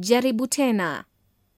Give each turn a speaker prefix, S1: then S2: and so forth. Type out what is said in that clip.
S1: Jaribu tena.